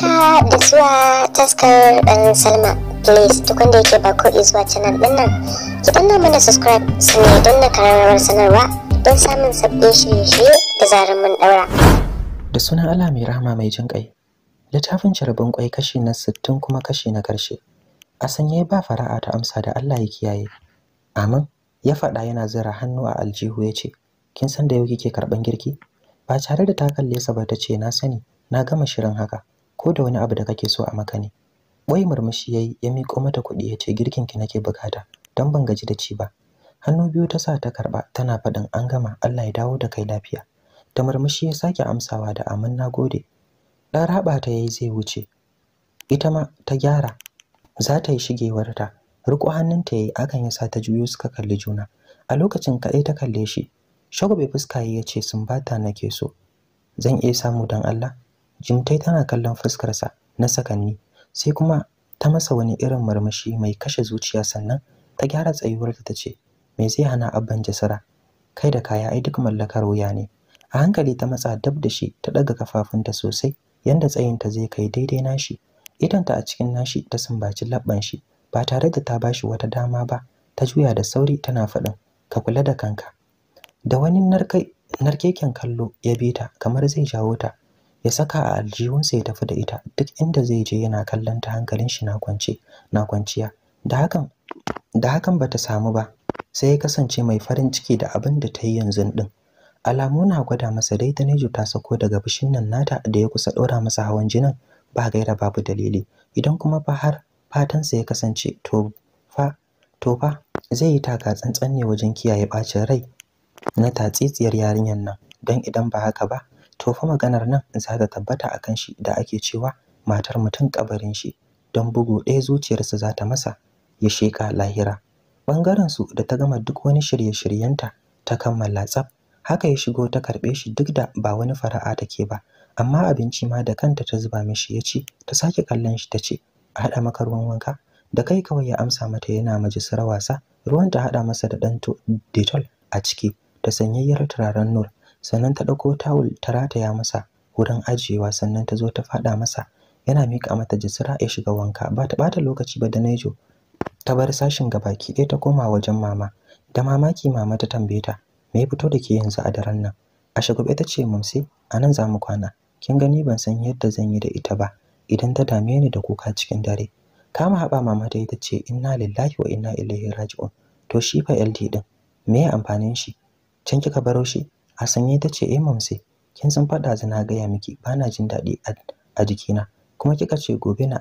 haka da zuwa taskar dan salma please duk wanda yake ba ko zuwa canal din nan ki danna mana subscribe su ne don na kararrawar sanarwa don samun sabbin shirye-shirye da zarar mun daura da sunan allah mai rahama mai jin kai littafin jarabin kwai kashi na sittin kuma kashi na karshe a sanye ba fara'a ta amsa da allah ya kiyaye amin ya faɗa yana zira hannu a aljihu ya ce kin san da yau kike karɓan girki ba tare da ta kalle sa ba ta ce na sani na gama shirin haka ko da wani abu da kake so a maka ne Wai murmushi yayi ya miƙo mata kuɗi ya ce girkin ki nake bukata don ban gaji da ci ba hannu biyu ta sa ta karɓa, tana faɗin an gama Allah ya dawo da kai lafiya ta murmushi ya sake amsawa da amin gode. dan raba ta yayi zai wuce ita ma ta gyara za ta yi shigewarta riko hannunta yayi akan yasa ta juyo suka kalli juna a lokacin kaɗai ta kalle shi shago bai fuska ya ce sun bata nake so zan iya samu dan Allah jimtai tana kallon fuskarsa na sakanni sai kuma ta masa wani irin murmushi mai kashe zuciya sannan ta gyara tsayuwarta ta ce me zai hana abban jasara kai da kaya ai duk mallakar wuya ne a hankali ta matsa dab da shi ta daga kafafunta sosai yanda tsayinta zai kai daidai nashi idanta a cikin nashi ta sumbaci labban shi ba tare da ta bashi wata dama ba ta juya da sauri tana faɗin ka kula da kanka da wani narkeken kallo ya bi ta kamar zai jawo ta ya saka a aljihunsa ya tafi da ita duk inda zai je yana kallon ta hankalin shi na kwanciya da hakan da hakan bata samu ba sai ya kasance mai farin ciki da abin da ta yi yanzu din alamu na gwada masa dai ta nejo ta sako daga bishin nan nata da ya kusa ɗora masa hawan jinin ba gaira babu dalili idan kuma ba har fatansa ya kasance to fa to fa zai yi taka tsantsan ne wajen kiyaye bacin rai na tatsitsiyar yarinyar nan don idan ba haka ba to fa maganar nan za ta tabbata kan shi da ake cewa matar mutum kabarin shi don bugu ɗaya zuciyarsa za ta masa ya sheka lahira bangaren su da ta gama duk wani shirye-shiryenta ta kammala tsaf haka ya shigo ta karɓe shi duk da ba wani fara'a take ba amma abinci ma da kanta ta zuba mishi ya ci ta sake kallon shi ta ce a haɗa maka ruwan wanka da kai kawai ya amsa mata yana maji wasa ruwan ta haɗa masa da ɗan detol a ciki da sanyayyar turaren nur sannan ta ɗauko tawul ta rataya masa wurin ajiyewa sannan ta zo ta faɗa masa yana mika mata jisira ya shiga wanka ba ta ɓata lokaci ba da naijo ta bar sashin gabaki ɗaya ta koma wajen mama da mamaki mama ta tambaye ta me ya fito da ke yanzu a daren nan a shagube ta ce mamsi a nan za mu kwana kin gani ban san yadda zan yi da ita ba idan ta dame ni da kuka cikin dare kama haɓa mama ta ita ce inna lillahi wa inna ilaihi raji'un to shi fa LD din me ya amfanin shi can kika baro shi a sanye ta ce eh mamsi kin san faɗa zina gaya miki na jin daɗi a jikina kuma kika ce gobe na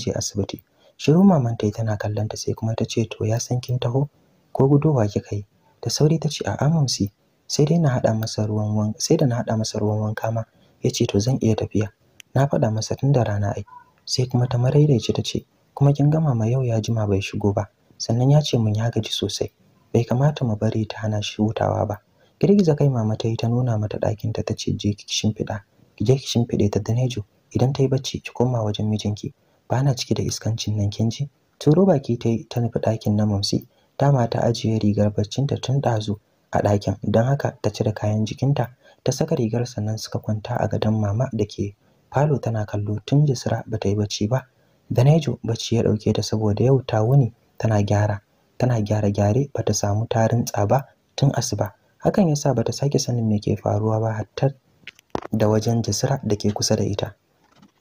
je asibiti shiru maman ta tana kallon ta sai kuma ta ce to ya san kin taho ko gudowa kika yi da sauri ta ce a'a mamsi sai dai na haɗa masa ruwan wanka sai da na haɗa masa ruwan wanka ma ya ce to zan iya tafiya na faɗa masa tun da rana ai sai kuma ta maraidaice ta ce kuma kin gama ma yau ya jima bai shigo ba sannan ya ce mun ya gaji sosai bai kamata mu bari ta hana shi hutawa ba girgiza kai mama ta yi ta nuna mata ɗakin ta tace je ki shimfiɗa ki je ki shimfiɗe ta nejo idan ta yi bacci ki koma wajen mijinki ba na ciki da iskancin nan kin ji turo baki ta yi ta nufi ɗakin na mamsi ta mata ajiye rigar baccin ta tun ɗazu a ɗakin don haka ta cire kayan jikinta ta saka rigar sannan suka kwanta a gadon mama da ke falo tana kallo tun jisra ba ta yi bacci ba nejo bacci ya ɗauke ta saboda yau ta wuni tana gyara tana gyare gyare ba ta samu tarin tsaba tun asuba hakan ya sa bata sake sanin me ke faruwa ba hatta da wajen jisira da ke kusa da ita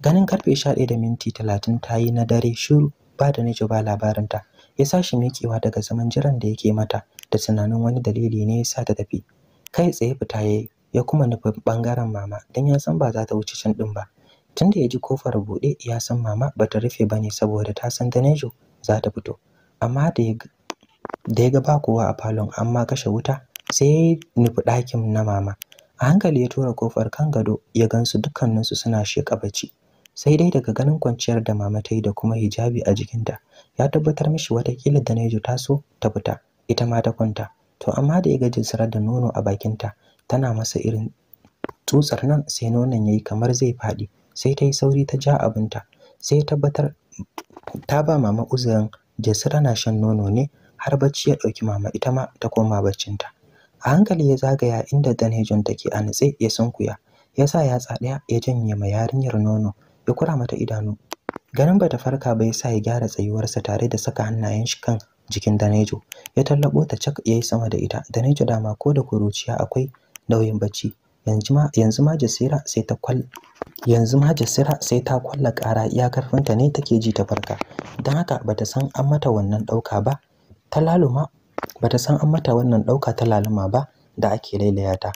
ganin karfe 11 da minti talatin ta yi na dare shiru ba da naji ba labarinta ya sa shi miƙewa daga zaman jiran da yake mata da tunanin wani dalili ne ya sa ta tafi kai tsaye fita yayi ya kuma nufi bangaren mama don ya san ba za ta wuce cin ɗin ba tunda ya ji kofar buɗe ya san mama ba ta rufe ba ne saboda ta san danejo za ta fito amma da ya ga ba kowa a falon amma kashe wuta sai nufi ɗakin na mama a hankali ya tura kofar kan gado ya gansu dukkaninsu suna sheƙa bacci sai dai daga ganin kwanciyar da mama ta yi da kuma hijabi a jikinta ya tabbatar mishi watakila da Nejo ta so ta fita ita ma ta kwanta to amma da ya ga jinsirar da nono a bakinta tana masa irin tutsar nan sai nonon ya yi kamar zai faɗi sai ta yi sauri ta ja abinta sai ya tabbatar ta ba mama uzurin jasira na shan nono ne har bacci ya ɗauki mama ita ma ta koma baccinta a hankali ya zagaya inda danejon take a nutse ya sunkuya ya sa ya ɗaya ya janye ma yarinyar nono ya kura mata idanu ganin bata farka ba ya sa ya gyara tsayuwarsa tare da saka hannayen shi kan jikin danejo ya tallabo ta cak yayi sama da ita danejo dama ko da kuruciya akwai nauyin bacci yanzu ma yanzu ma jasira sai ta kwal yanzu ma jasira sai ta kwalla ƙara iya karfinta ne take ji ta farka don haka bata san an mata wannan ɗauka ba ta laluma bata san an mata wannan ɗauka ta laluma ba da ake lailaya ta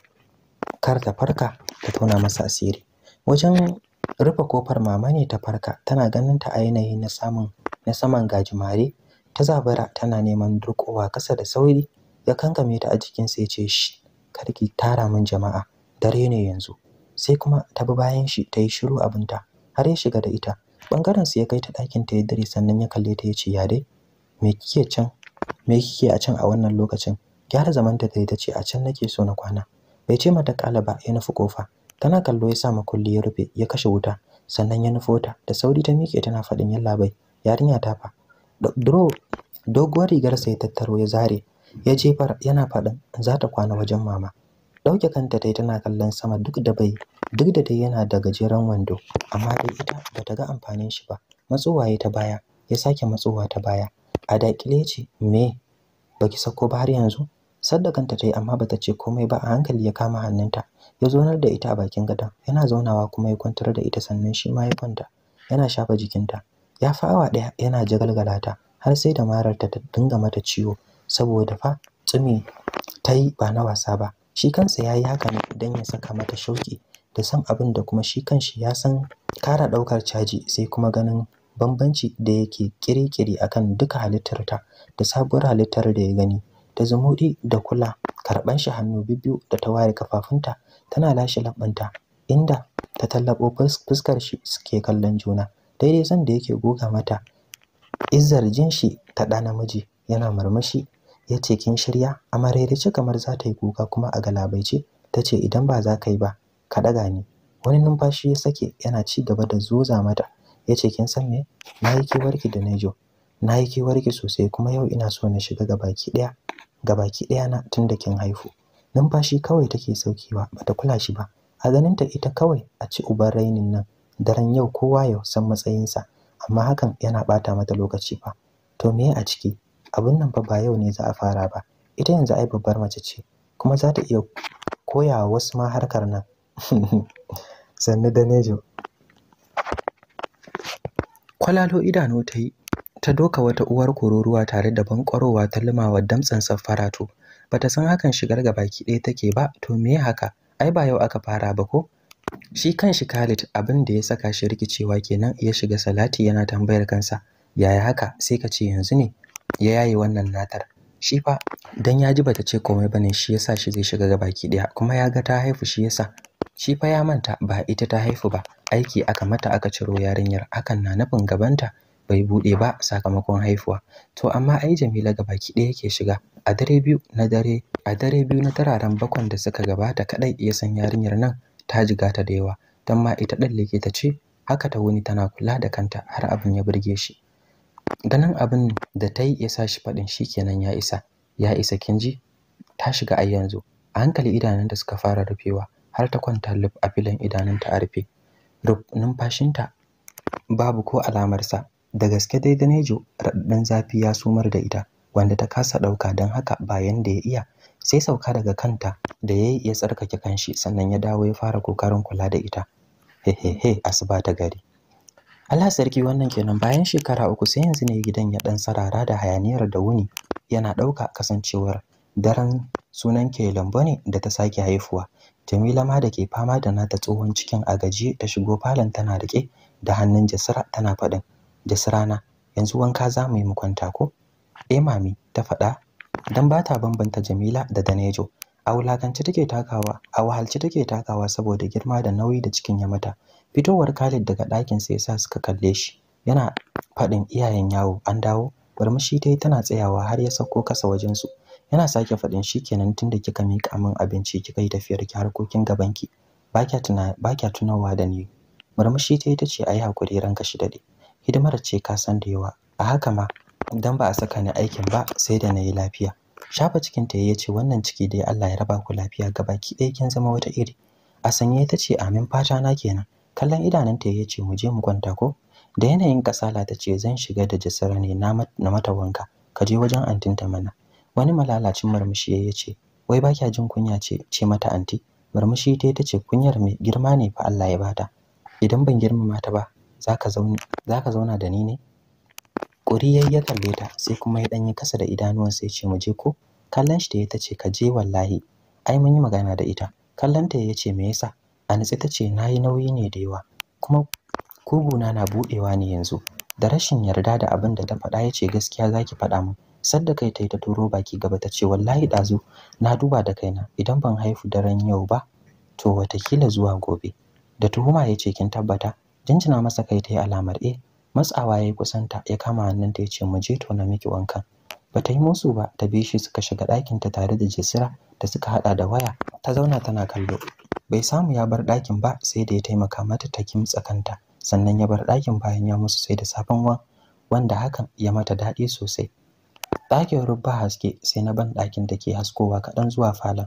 kar ta farka ta tona masa asiri wajen rufe kofar mama ne ta farka tana ganin ta a yanayi na samun na saman gajimare ta zabara tana neman durƙowa kasa da sauri ya kankame ta a jikin sai ce shi karki tara min jama'a dare ne yanzu sai kuma ta bi bayan shi ta yi shiru abinta har ya shiga da ita bangaren su ya kai ta ɗakin ta ya dare sannan ya kalle ta ya ce ya dai me kike can me kike a can a wannan lokacin gyara zamanta ta ta ce a can nake so na kwana bai ce mata kala ba ya nufi kofa tana kallo ya sa makulli ya rufe ya kashe wuta sannan ya nufo ta da sauri ta miƙe tana faɗin bai yarinya ta fa dro doguwar rigar sai tattaro ya zare ya jefar yana faɗin za ta kwana wajen mama ɗauke kanta tai tana kallon sama duk da bai duk da dai yana da gajeren wando amma dai ita bata ga amfanin shi ba matsowaye ta baya ya sake matsowa ta baya a dakile ce me baki sako ba har yanzu saddakanta ta yi amma bata ce komai ba a hankali ya kama hannunta ya zonar da ita a bakin gadon yana zaunawa kuma ya kwantar da ita sannan shi ma ya kwanta yana shafa jikinta ya fi awa ɗaya yana jagalgalata har sai da mararta ta dinga mata ciwo saboda fa tsumi ta yi ba na wasa ba shi kansa ya yi haka ne idan ya saka mata shauki da san abin da kuma shi kanshi ya san kara ɗaukar caji sai kuma ganin bambanci da yake kirikiri akan duka halittarta da sabuwar halittar da ya gani da zumuɗi da kula karɓan shi hannu biyu da ta ware kafafunta tana lashe labbanta inda ta tallabo fuskar shi suke kallon juna daidai san da yake goga mata izzar jin shi ta ɗa namiji yana murmushi ya ce kin shirya a ce kamar za ta yi kuka kuma a galabaice ta ce idan ba za ka yi ba ka ɗaga ni wani numfashi ya sake yana ci gaba da zoza mata ya ce kin san me na yi kewarki da Nejo na yi ki sosai kuma yau ina so na shiga gabaki ɗaya gabaki ɗaya na tun da kin haifu numfashi kawai take saukewa bata kula shi ba a ganin ta ita kawai a ci uban rainin nan daren yau kowa ya san matsayinsa amma hakan yana bata mata lokaci fa to me a ciki Abun nan fa ba yau ne za a fara ba ita yanzu ai babbar mace ce kuma za ta iya koyawa wasu ma harkar nan sannu da nejo Kwalalo idanu ta yi, ta doka wata uwar kururuwa tare da bankwarowa ta limawa damtsan Ba Bata san hakan shigar ga baki ɗaya take ba, to me haka? Ai ba yau aka fara ba ko? Shi kan shi Khalid abin da ya saka shi rikicewa kenan ya shiga salati yana tambayar kansa, yaya haka sai ka ce yanzu ne ya yaye wannan natar. Shi fa dan ya ji bata ce komai bane shi yasa shi zai shiga ga baki ɗaya kuma ya ga ta haifu shi yasa shi fa ya manta ba ita ta haifu ba aiki aka mata aka ciro yarinyar hakan na nufin gabanta bai buɗe ba sakamakon haifuwa to amma ai Jamila gabaki ɗaya ke shiga a dare biyu na dare a dare biyu na tararen bakon da suka gabata kadai ya san yarinyar nan ta jiga ta da yawa dan ma ita ɗan likita ce haka ta wuni tana kula da kanta har abin ya burge shi ganin abin da ta yi ya sa shi faɗin shi kenan ya isa ya isa kinji ta shiga ai yanzu a hankali idanun da suka fara rufewa har ta kwanta lub a filin idanunta a rufe numfashinta babu ko alamarsa da gaske dai nejo raɗaɗin zafi ya sumar da ita wanda ta kasa ɗauka don haka bayan da ya iya sai sauka daga kanta da ya yi ya tsarkake kanshi sannan ya dawo ya fara kokarin kula da ita hehehe asuba ta gari Allah sarki wannan kenan bayan shekara uku sai yanzu ne gidan ya ɗan sarara da hayaniyar da wuni yana ɗauka kasancewar daren sunan ke lambo ne da ta sake haifuwa Jamila ma da ke fama da nata tsohon cikin a gajiye ta shigo falon tana rike da hannun Jasira tana faɗin na yanzu wanka za mu yi mu kwanta ko? Eh mami ta faɗa dan ba ta bambanta Jamila da Danejo. A wulakanci take takawa, a wahalci take takawa saboda girma da nauyi da cikin ya mata. Fitowar Khalid daga ɗakin sa yasa suka kalle shi. Yana faɗin iyayen yawo an dawo, barmishi dai tana tsayawa har ya sauko kasa wajen su. yana sake faɗin shikenan tunda kika mika min abinci kika yi tafiyar ki harkokin gaban ki ba tuna baki tunawa da ni murmushi ta ita ce yi hakuri ranka shi dade hidimar ce ka san da yawa a haka ma dan ba a saka ni aikin ba sai da nayi lafiya shafa cikin ta yace wannan ciki dai Allah ya raba ku lafiya gabaki ɗaya kin zama wata iri a sanye ta ce amin fata na kenan kallon ta yace mu je mu kwanta ko da yanayin kasala ta ce zan shiga da jisira ne na mata wanka ka je wajen ta mana wani malalacin murmushi ya ce wai ba kya jin kunya ce ce mata anti murmushi ta ta ce kunyar mai girma ne fa Allah ya bata idan ban girmama ta ba zaka zauna zauna da ni ne Ƙuri ya kalle ta sai kuma ya danyi kasa da idanuwansa ya ce mu je ko kallon shi da ta ce ka je wallahi ai mun yi magana da ita kallon ta ya ce me yasa anitsi ta ce nayi nauyi ne da yawa kuma kuguna na budewa ne yanzu da rashin yarda da abin da ta faɗa ya ce gaskiya zaki faɗa min sadda kai ta yi ta turo baki gaba ta ce wallahi ɗazu na duba da kaina idan ban haifu daren yau ba to watakila zuwa gobe da tuhuma ya ce kin tabbata jinjina masa kai eh. ta yi alamar e matsawa ya yi kusanta ya kama hannunta ya ce mu je to na miki wankan ba ta yi musu ba ta bi shi suka shiga ta tare da jisira da suka haɗa da waya ta zauna tana kallo bai samu ya bar ɗakin ba sai da ya taimaka mata ta kimtsa kanta sannan ya bar ɗakin bayan ya musu sai da safan wanda hakan ya mata daɗi sosai ɗakin rubba haske sai na ban ɗakin da ke haskowa kaɗan zuwa falon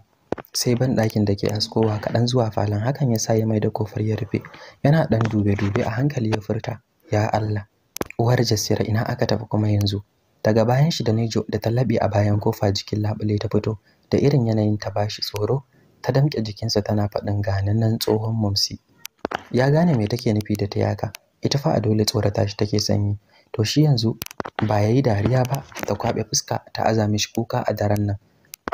sai ban ɗakin da ke haskowa kaɗan zuwa falon hakan ya sa ya mai da kofar ya rufe yana ɗan dube-dube a hankali ya furta ya Allah uwar jasira ina aka tafi kuma yanzu daga bayan shi da nejo da ta laɓe a bayan kofa jikin labule ta fito da irin yanayin ta bashi tsoro ta damƙe jikinsa tana faɗin ganin tsohon mumsi ya gane me take nufi da ta yaka ita fa a dole tsorata shi take sanyi to shi yanzu ba ya yi dariya ba ta kwaɓe fuska ta aza shi kuka a daren nan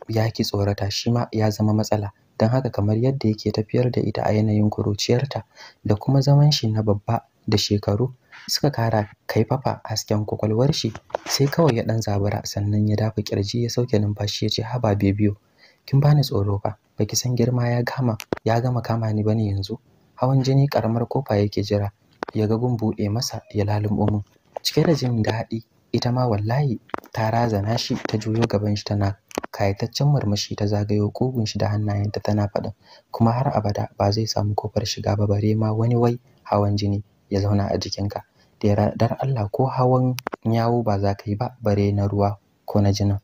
ya ki tsorata shi ma ya zama matsala don haka kamar yadda yake tafiyar da ita a yanayin kuruciyarta da kuma zaman shi na babba da shekaru suka kara kai fafa hasken kwakwalwar shi sai kawai ya ɗan zabura sannan ya dafa kirji ya sauke numfashi ya ce haba bibiyo kin bani tsoro fa baki san girma ya gama ya gama kama ni bane yanzu hawan jini karamar kofa yake jira ya ga gun buɗe masa ya lalumbo mun. cike da jin daɗi ita ma wallahi ta razana shi ta juyo gaban shi tana kayataccen murmushi ta zagayo kugun shi da hannayenta tana faɗin kuma har abada ba zai samu kofar shiga ba bare ma wani wai hawan jini ya zauna a jikinka da dar Allah ko hawan yawo ba za ka yi ba bare na ruwa ko na jinin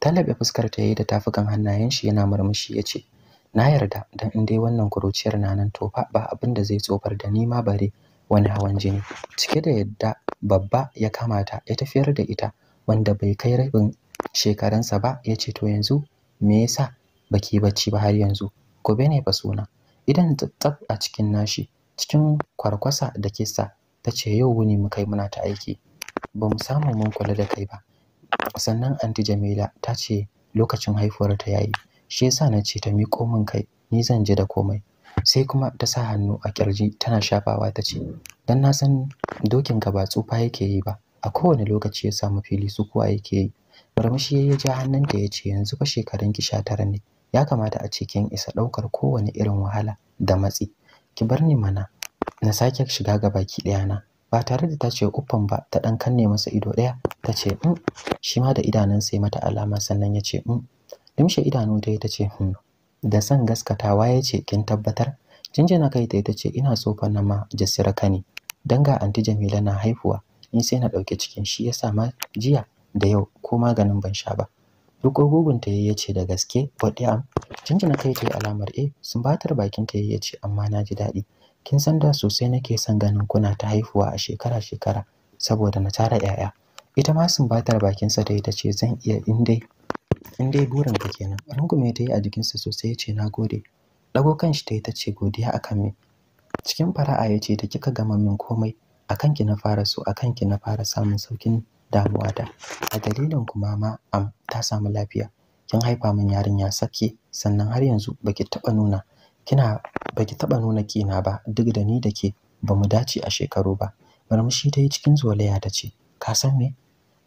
talabe fuskar ta yayi da tafukan hannayen shi yana murmushi ya ce na yarda dan in dai wannan kuruciyar na nan to fa ba abin da zai tsofar da ni ma bare wani hawan jini cike da yadda babba ya kamata ya tafiyar da ita wanda bai kai rabin shekarunsa ba ya ce to yanzu me yasa baki bacci ba har yanzu gobe ne ba suna idan tsaf a cikin nashi cikin kwarkwasa da kissa ta ce yau wuni mu kai muna ta aiki ba mu samu mun kula da kai ba sannan anti jamila ta ce lokacin haifuwar ta yayi shi yasa na ce ta miƙo min kai ni zan ji da komai sai kuma ta sa hannu a kirji tana shafawa ta ce dan na san dokin ka ba tsufa yake yi ba a kowane lokaci ya samu fili su kuwa yake yi murmushi ya yi ja hannun hannunta ya ce yanzu fa shekarun ki sha ne ya kamata a cikin isa ɗaukar kowane irin wahala da matsi ki bar ni mana na sake shiga ga baki ɗaya na ba tare da ta ce uffan ba ta ɗan kanne masa ido ɗaya ta ce mm. shi ma da idanun sai mata alama sannan ya ce mm. limshe idanu ta yi ta ce hmm. da san gaskatawa ya ce kin tabbatar jinjina kai ta ita ce ina so fa na ma jasira kani dan ga anti jamila na haifuwa. In sai na ɗauki cikin shi yasa ma jiya da yau ko maganin ban sha ba duko gugun ta yayi ce da gaske bodi am jinjina kai ta yi alamar eh sumbatar bakin ta yayi ce amma na ji daɗi kin san da sosai nake son ganin kuna ta haifuwa a shekara shekara saboda na tara yaya ita ma sumbatar bakin sa ta ita ce zan iya in dai in dai burin ka kenan rungume ta yi a jikinsa sosai ya ce na gode ɗago shi ta yi ta ce godiya kan me cikin fara'a ya ce da kika gama min komai a ki na fara so a ki na fara samun saukin damuwa da a dalilin kuma ma am ta samu lafiya kin haifa min yarinya sake sannan har yanzu baki taba nuna kina baki taɓa nuna kina ba duk da ni da ke bamu dace a shekaru ba murmushi ta yi cikin zolaya ta ce ka san me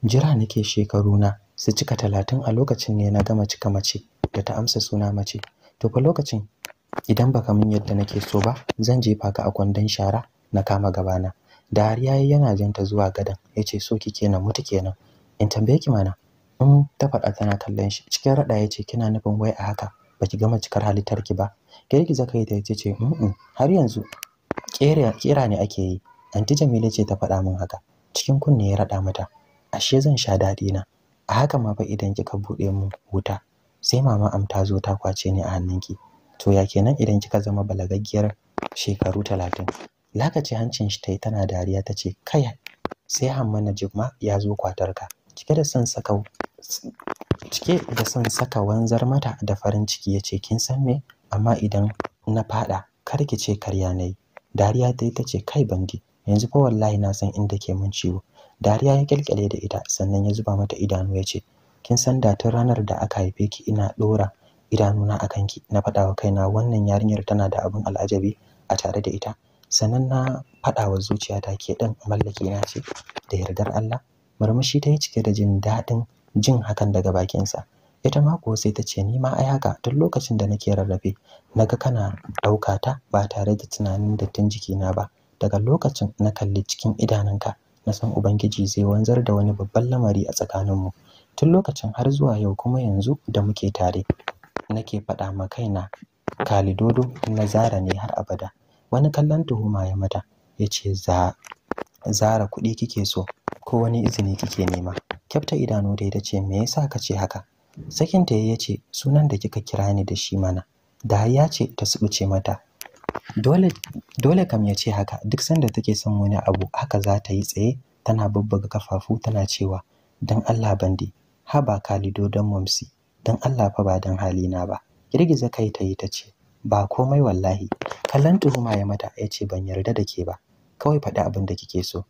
jira nake shekaru na su cika talatin a lokacin ne na gama cika mace da ta amsa suna mace to fa lokacin idan baka min yadda nake so ba zan jefa ka a kwandon shara na kama gabana da har yayi yana ta zuwa gadan yace so kike na mutu kenan in tambaye ki mana in ta faɗa tana kallon shi cikin raɗa yace kina nufin wai a haka baki gama cikar halittar ki ba zaka kai ta yace ce har yanzu kera ne ake yi anti jamila ce ta faɗa min haka cikin kunne ya raɗa mata ashe zan sha daɗi na a haka ma fa idan kika buɗe mu wuta sai mama am ta zo ta kwace ni a hannunki to ya kenan idan kika zama balagaggiyar shekaru talatin lakaci hancin shi ta yi tana dariya ta ce kai sai Hamma na jima ya zo kwatar ka cike da son saka cike da son saka wanzar mata da farin ciki ya ce kin san me amma idan na fada kar ki ce karya nayi dariya ta yi ce kai bandi yanzu fa wallahi na san inda ke mun ciwo Dariya ya kyalkyale da ita sannan ya zuba mata idanu ya ce, Kin san da tun ranar da aka haife ki ina ɗora idanuna a kanki na faɗa wa kaina wannan yarinyar tana da abin al'ajabi a tare da ita. Sannan na faɗa wa zuciyata ke ɗan mallaki na ce da yardar Allah. Murmushi ta yi cike da jin daɗin jin hakan daga bakinsa. Ita ma ko sai ta ce ni ma ai haka tun lokacin da nake rarrafe naga kana ɗauka ta ba tare da tunanin dattin jikina ba. Daga lokacin na kalli cikin idanunka na san ubangiji zai wanzar da wani babban lamari a tsakaninmu tun lokacin har zuwa yau kuma yanzu da muke tare nake faɗa ma kaina kalidodo na zara ne har abada wani kallon tuhuma ya mata ya ce zara kuɗi kike so ko wani izini kike nema kyafta idanu dai ta ce me yasa ka ce haka sakinta ya ce sunan da kika kira ni da shi mana da ya ce ta subuce mata dole kam ya ce haka duk sanda take son wani abu haka za ta yi tsaye tana bubbuga kafafu tana cewa dan Allah bande ha ba kalido don mamsi don Allah fa ba dan halina ba girgiza kai ta yi ta ce ba komai wallahi kallon tuhuma ya mata ya ce ban yarda da ke ba kawai faɗi abin da kike so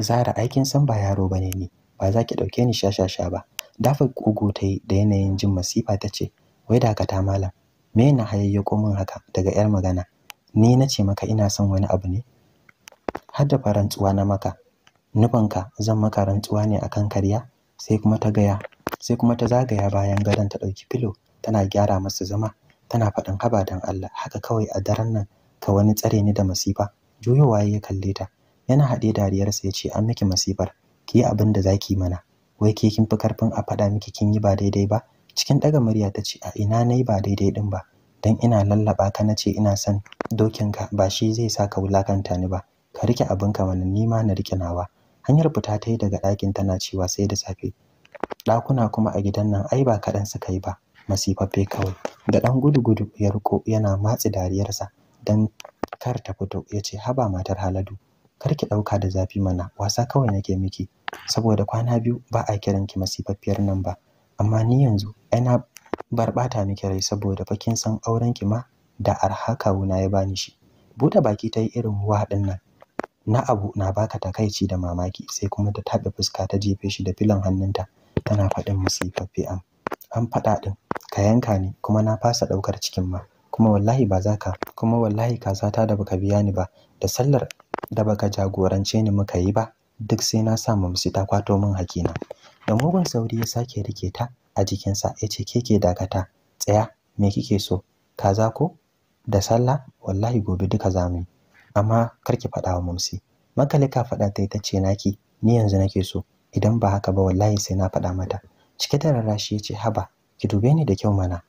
zara aikin san ba yaro ba ne ni ba za ki ɗauke ni shashasha ba dafa ƙugu ta yi da yanayin jin masifa ta ce wai dakata malam me na hayayyako min haka daga yar magana ni na ce maka ina son wani abu ne har da farantsuwa na maka nufanka zan maka rantsuwa ne akan karya sai kuma ta gaya sai kuma ta zagaya bayan gadon ta ɗauki filo tana gyara masa zama tana faɗin haba don Allah haka kawai a daren nan ka wani tsare ni da masifa juyowa ya kalle ta yana haɗe dariyarsa ya ce an miki masifar ki yi abin da zaki mana wai ke kin fi karfin a faɗa miki kin yi ba daidai ba cikin ɗaga murya ta ce a ina na yi ba daidai ɗin ba don ina lallaɓa ka na ce ina son dokinka ba shi zai sa ka wulakanta ni ba ka rike abin mana ni ma na rike nawa hanyar fita ta yi daga ɗakin tana cewa sai da safe ɗakuna kuma a gidan nan ai ba kaɗan suka yi ba masifaffe kawai da ɗan gudu-gudu ya riko yana matsi dariyarsa don kar ta fito ya ce haba matar haladu kar ki ɗauka da zafi mana wasa kawai nake miki saboda kwana biyu ba a kiran ki masifaffiyar nan ba amma ni yanzu ai na bar bata miki rai saboda fa kin san auren ki ma da arha kawuna ya bani shi bude baki ta yi irin wa nan na abu na baka takaici da mamaki sai kuma ta taɓe fuska ta jefe shi da filan hannunta tana faɗin musifaffe am an faɗa ɗin ka yanka ni kuma na fasa ɗaukar cikin ma kuma wallahi ba za ka kuma wallahi ta da baka biya ni ba da sallar da baka jagorance ni muka yi ba duk sai na sa mamsi ta kwato min hakina da mugun sauri ya sake rike ta a jikinsa ya ce keke dakata tsaya me kike so kaza ko da sallah wallahi gobe duka yi amma kar ki faɗa wa mamsi makalika faɗa ta ita ce naki ni yanzu nake so idan ba haka ba wallahi sai na faɗa mata cike da rarrashi ya ce haba ki dube ni da kyau mana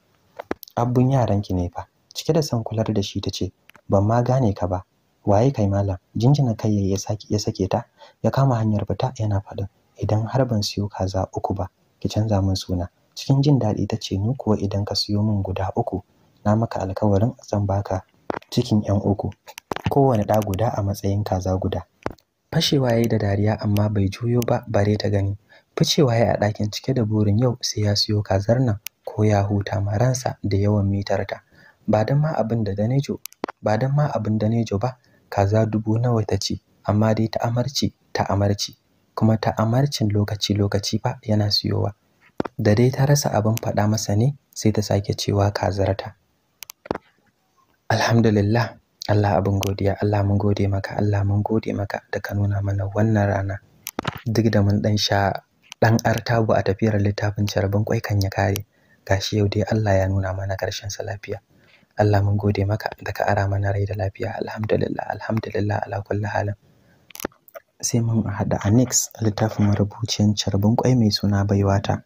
"Abun yaran ki ne fa cike da son kular da shi ta ce ban ma gane ka ba waye kai malam jinjina kai ya saki ya sake ta ya kama hanyar fita yana faɗin idan har ban siyo kaza uku ba ki canza min suna Cikin jin daɗi ta ce ni kuwa idan ka siyo min guda uku na maka alkawarin zan baka cikin 'yan uku. Kowane ɗa guda a matsayin kaza guda. Fashewa ya yi da dariya amma bai juyo ba bare ta gani. Ficewa ya yi a ɗakin cike da burin yau sai ya siyo kazar nan ko ya huta ma da yawan mitarta. Ba don ma abin da Danejo ba don ma abin Danejo ba kaza dubu nawa ta ce amma dai ta amarci ta amarci kuma ta amarcin lokaci lokaci ba yana siyowa da dai ta rasa abin faɗa masa ne sai ta sake cewa kazarta alhamdulillah Allah abin godiya Allah mun gode maka Allah mun gode maka da ka nuna mana wannan rana duk da mun ɗan sha dan artabu a tafiyar littafin carbin kwai kan ya kare gashi yau dai Allah ya nuna mana karshen sa lafiya Allah mun gode maka da ka ara mana rai da lafiya alhamdulillah alhamdulillah ala kulli halin sai mun haɗa annex littafin marubuciyar carbin kwai mai suna baiwata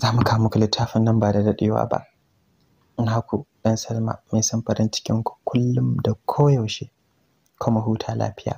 za mu kawo muku littafin nan ba da daɗewa ba naku ɗan salma mai son farin cikin kullum da koyaushe kuma huta lafiya